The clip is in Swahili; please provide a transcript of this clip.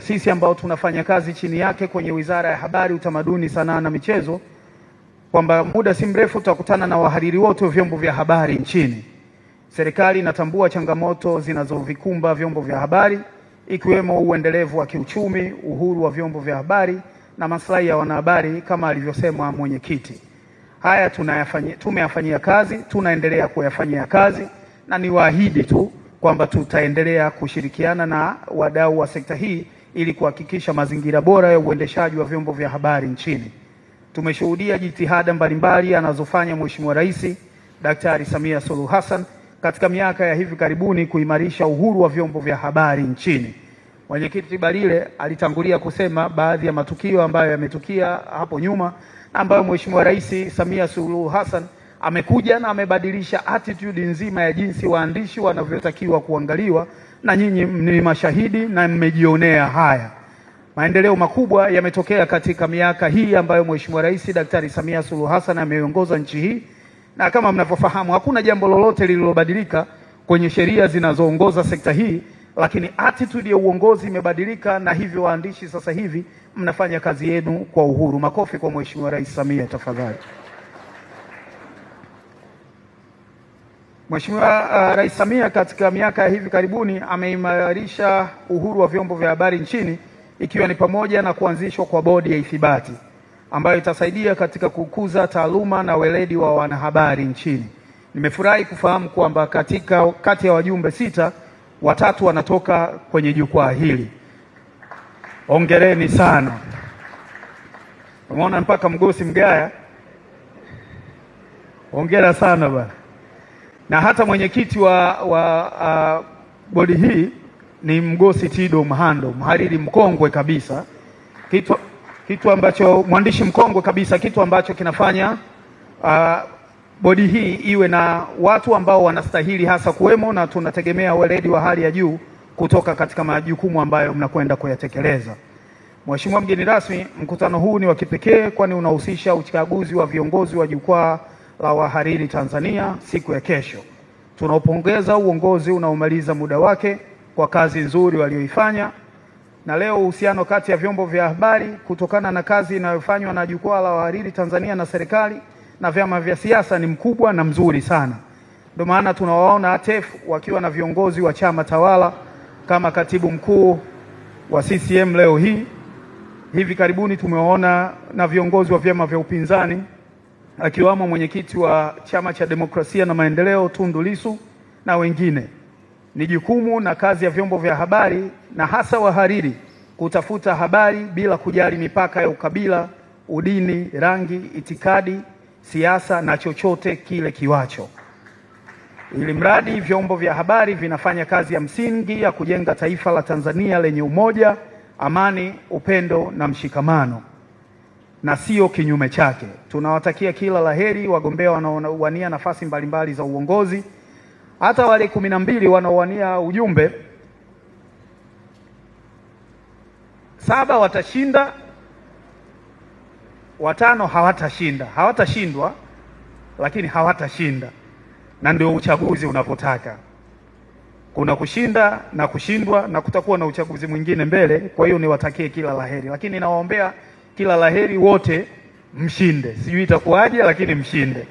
Sisi ambao tunafanya kazi chini yake kwenye Wizara ya Habari, Utamaduni, Sanaa na Michezo, kwamba muda si mrefu tutakutana na wahariri wote wa vyombo vya habari nchini. Serikali inatambua changamoto zinazovikumba vyombo vya habari ikiwemo uendelevu wa kiuchumi, uhuru wa vyombo vya habari na maslahi ya wanahabari kama alivyosema mwenyekiti. Haya tumeyafanyia kazi, tunaendelea kuyafanyia kazi na niwaahidi tu kwamba tutaendelea kushirikiana na wadau wa sekta hii ili kuhakikisha mazingira bora ya uendeshaji wa vyombo vya habari nchini. Tumeshuhudia jitihada mbalimbali anazofanya Mheshimiwa Rais Daktari Samia Suluhu Hassan katika miaka ya hivi karibuni kuimarisha uhuru wa vyombo vya habari nchini. Mwenyekiti Barile alitangulia kusema baadhi ya matukio ambayo yametukia hapo nyuma ambayo Mheshimiwa Rais Samia Suluhu Hassan amekuja na amebadilisha attitude nzima ya jinsi waandishi wanavyotakiwa kuangaliwa na nyinyi ni mashahidi na mmejionea haya. Maendeleo makubwa yametokea katika miaka hii ambayo Mheshimiwa Rais Daktari Samia Suluhu Hassan ameiongoza nchi hii, na kama mnavyofahamu hakuna jambo lolote lililobadilika kwenye sheria zinazoongoza sekta hii, lakini attitude ya uongozi imebadilika, na hivyo waandishi sasa hivi mnafanya kazi yenu kwa uhuru. Makofi kwa Mheshimiwa Rais Samia tafadhali. Mheshimiwa uh, Rais Samia katika miaka ya hivi karibuni ameimarisha uhuru wa vyombo vya habari nchini ikiwa ni pamoja na kuanzishwa kwa bodi ya ithibati ambayo itasaidia katika kukuza taaluma na weledi wa wanahabari nchini. Nimefurahi kufahamu kwamba katika kati ya wajumbe sita watatu wanatoka kwenye jukwaa hili. Hongereni sana. Umeona mpaka mgosi Mgaya, hongera sana bwana na hata mwenyekiti wa, wa uh, bodi hii ni Mgosi Tido Mhando, mhariri mkongwe kabisa, kitu, kitu ambacho mwandishi mkongwe kabisa, kitu ambacho kinafanya uh, bodi hii iwe na watu ambao wanastahili hasa kuwemo, na tunategemea weledi wa hali ya juu kutoka katika majukumu ambayo mnakwenda kuyatekeleza. Mheshimiwa mgeni rasmi, mkutano huu ni wa kipekee, kwani unahusisha uchaguzi wa viongozi wa jukwaa la Wahariri Tanzania siku ya kesho. Tunaupongeza uongozi unaomaliza muda wake kwa kazi nzuri walioifanya, na leo uhusiano kati ya vyombo vya habari kutokana na kazi inayofanywa na jukwaa la Wahariri Tanzania na serikali na vyama vya siasa ni mkubwa na mzuri sana. Ndio maana tunawaona ATEF wakiwa na viongozi wa chama tawala kama katibu mkuu wa CCM leo hii. Hivi karibuni tumewaona na viongozi wa vyama vya upinzani akiwamo mwenyekiti wa Chama cha Demokrasia na Maendeleo Tundu Lissu na wengine. Ni jukumu na kazi ya vyombo vya habari na hasa wahariri kutafuta habari bila kujali mipaka ya ukabila, udini, rangi, itikadi, siasa na chochote kile kiwacho, ili mradi vyombo vya habari vinafanya kazi ya msingi ya kujenga taifa la Tanzania lenye umoja, amani, upendo na mshikamano na sio kinyume chake. Tunawatakia kila laheri wagombea wanaowania nafasi mbalimbali za uongozi, hata wale kumi na mbili wanaowania ujumbe. Saba watashinda, watano hawatashinda, hawatashindwa, lakini hawatashinda, na ndio uchaguzi unavyotaka. Kuna kushinda na kushindwa, na kutakuwa na uchaguzi mwingine mbele. Kwa hiyo niwatakie kila laheri, lakini nawaombea kila laheri wote mshinde, sijui itakuwaje, lakini mshinde.